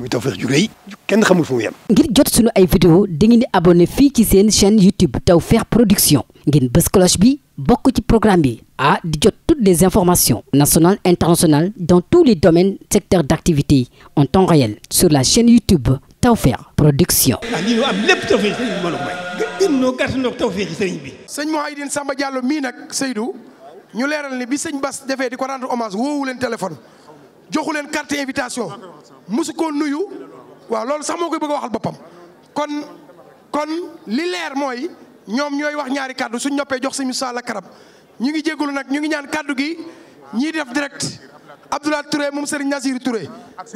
muy Tawfekh kenn xamul fu mu ngir jot sunu ay vidéo dangeen di abonné fii ci seen chaîne YouTube Tawfekh Production ngeen bës cloche bi bokk ci programme bi ah di jot toutes des informations nationales internationales dans tous les domaines secteurs d'activité en temps réel sur la chaîne YouTube Tawfekh Production. ah lii ñu am lépp Tawfekh sëriñ bi mbooloo mooy. gën gën ñoo gàtt ñoo Tawfekh sëriñ bi. sëñ ñu leeral ni bi sëñ Bass defee di ko woowu leen téléphone. joxu leen carte invitation mosu koo nuyu waaw loolu sax moo koy bëgg a waxal boppam kon kon li leer mooy ñoom ñooy wax ñaari kàddu suñ noppee jox suñu saala karab ñu ngi jégalu nag ñu ngi ñaan kàddu gi ñiy def direct Abdoulaye Touré moom Serigne Nasir Touré ak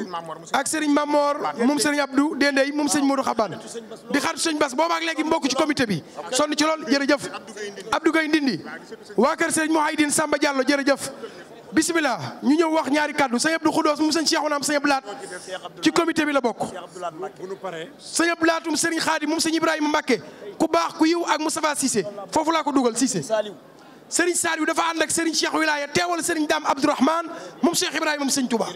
Serigne Mamor moom Serigne Abdou Dendey moom Serigne Modou Xaban di xaar Serigne Bass booba ak léegi mbokk ci comité bi sonn ci lool jërëjëf Abdou Gaye Ndindi waa kër Serigne Mouhayidine Samba Diallo jërëjëf bisimilah ñu ñëw wax ñaari kàddu sëñ Abdou Khoudoss mu sëñ Cheikhouna am sëñ Abdou Lahat ci comité bi la bokk sëñ Abdou Lahatoum sëriñ Xaadim moom sëñ Ibrahima Mbacke ku baax ku yiw ak Moustapha Cissé foofu laa ko dugal Cissé sëriñ Saliou dafa ànd ak sëriñ Cheikh Wilaya teewal sëriñ Dame Abdourahmane moom Cheikh Ibrahima moom sëñ Touba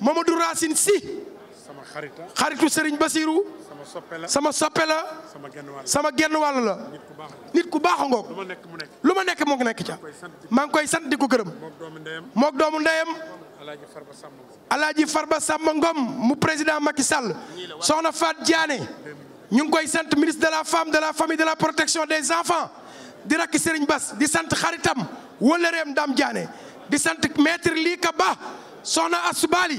Mamadou Racine xaritu Serigne Basirou sama soppe la sama genn wàll la nit ku baax a ngoog lu ma nekk moo nekk ca maa ngi koy sant di ko gërëm moog doomu ndeyam alaaji ba Samba Ngom mu président Macky Sall soxna Fat Diané ñu ngi koy sant ministre de la femme de la famille de la protection des enfants di rakk Serigne Bass di sant xaritam wëllëreem Dame Diané di sant maître lii ka ba soxna Asubali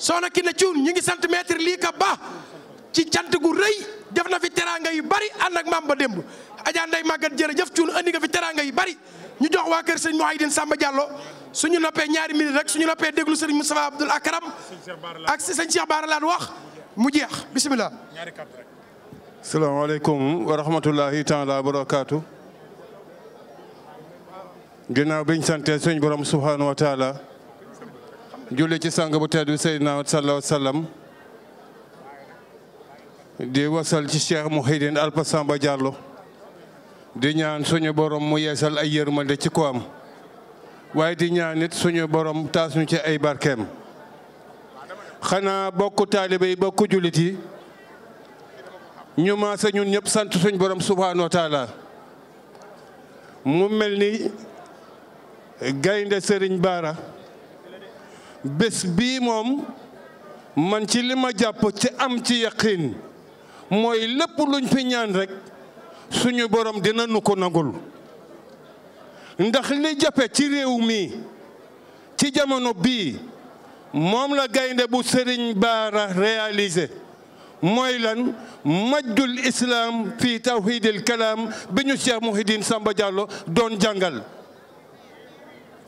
soxna Kiné Thioune ñu ngi sant maître lii ka ba ci cant gu rëy def na fi teraanga yu bari ànd ak maam ba démb Adja Ndeye Maguette jërëjëf Thioune andi nga fi teraanga yi bari ñu jox waa kër sëñ Mouhayidine Samba Diallo suñu noppee ñaari minute rek suñu noppee déglu sëriñ Moustapha Abdoul Akram ak sëñ Cheikh Bara wax mu jeex bisimilah. salaamaaleykum wa rahmatulahi taala wa barakaatu. ginnaaw biñ sante suñ borom subhanahu wa julli ci sang bu tedd bi Seydina wa sallam di wasal ci Cheikh Mouhidine Alpha Samba Diallo di ñaan suñu borom mu yeesal ay yërmande ci ko am waaye di ñaan suñu borom taas ñu ci ay barkeem xanaa bokku taalibe yi bokku jullit yi ñu maase ñun ñëpp sant suñ borom subhaanahu wa taala mu mel ni gaynde sëriñ baara bés bii moom man ci lima ma jàpp ci am ci yaqiin mooy lépp luñ fi ñaan rekk suñu boroom dina nu ko nagul ndax li jafe ci réew mi ci jamono bii moom la gaynde bu sëriñ baara réalisé mooy lan majjul islaam fii tawhidil kalaam bi ñu Cheikh Mouhidine Samba Diallo doon jàngal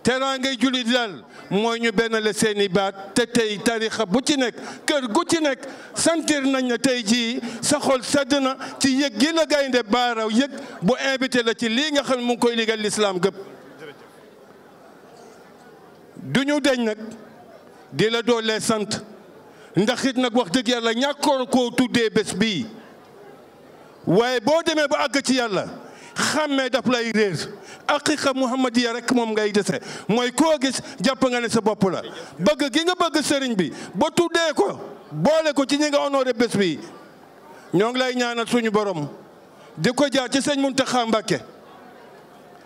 teraangay jullit daal mooy ñu benn la seeni baat te tey tarixa bu ci nekk kër gu ci nekk sentir nañ na tey jii sa xol sedd na ci yëg gi la gaynde baaraw yëg bu invité la ci lii nga xam ne mu koy liggéey lislaam gëpp du ñu deñ nag di la doolee sant ndax it nag wax dëgg yàlla ñàkkoon koo tuddee bés bii waaye boo demee bu àgg ci yàlla xàmmee daf lay réer aqiqa muhammadiya rek moom ngay dese mooy koo gis jàpp nga ne sa bopp la bëgg gi nga bëgg sëriñ bi ba tuddee ko boole ko ci ñi nga honoré bés bi ñoo ngi lay ñaanal suñu borom di ko jaar ci sëñ Muntaxa Mbàkke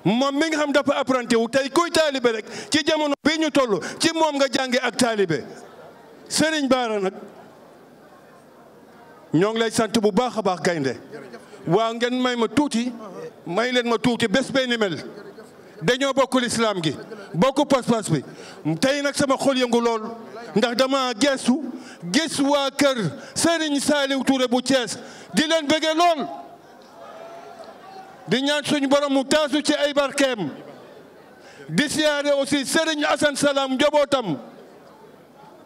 moom mi nga xam dafa apprenti wu tey kuy taalibe rek ci jamono bii ñu toll ci moom nga jànge ak taalibe sëriñ Baara nag ñoo ngi lay sant bu baax a baax gaynde waa ngeen may ma tuuti may leen ma tuuti bés bee ni mel dañoo bokk lislaam gi bokk pas-pas bi tey nag sama xol yëngu lool ndax dama gestu gis waa kër Serigne Saliou Touré bu Thiès di leen bëggee lool di ñaan suñu borom mu taasu ci ay barkeem di siyaare aussi Serigne Assane Salam njabootam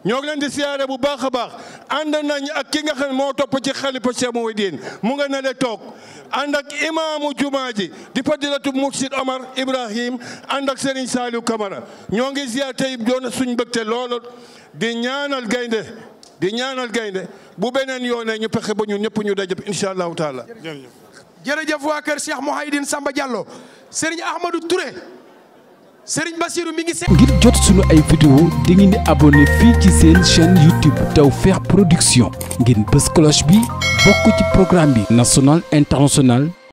ñoo ngi leen di siyaare bu baax a baax ànd nañ ak ki nga xam ne moo topp ci xalifa Cheikh Mouhidine mu nga ne le toog ànd ak imaamu jumaa ji di fadilatu Mursid Omar Ibrahim ànd ak Serigne Saliou Camara ñoo ngi ziar tey doon suñ mbëgte loolu di ñaanal gaynde di ñaanal gaynde bu beneen yoonee ñu pexe ba ñu ñëpp ñu dajëp incha allahu taala jërëjëf waa kër mu Mouhidine Samba Diallo Serigne Ahmadou Touré Serigne Bassirou mi ngi seen. ngir jot sunu ay vidéo di ngeen di abonné fii ci seen chaîne YouTube Tawfekh Production ngeen bës cloche bi bokk ci programme bi national international.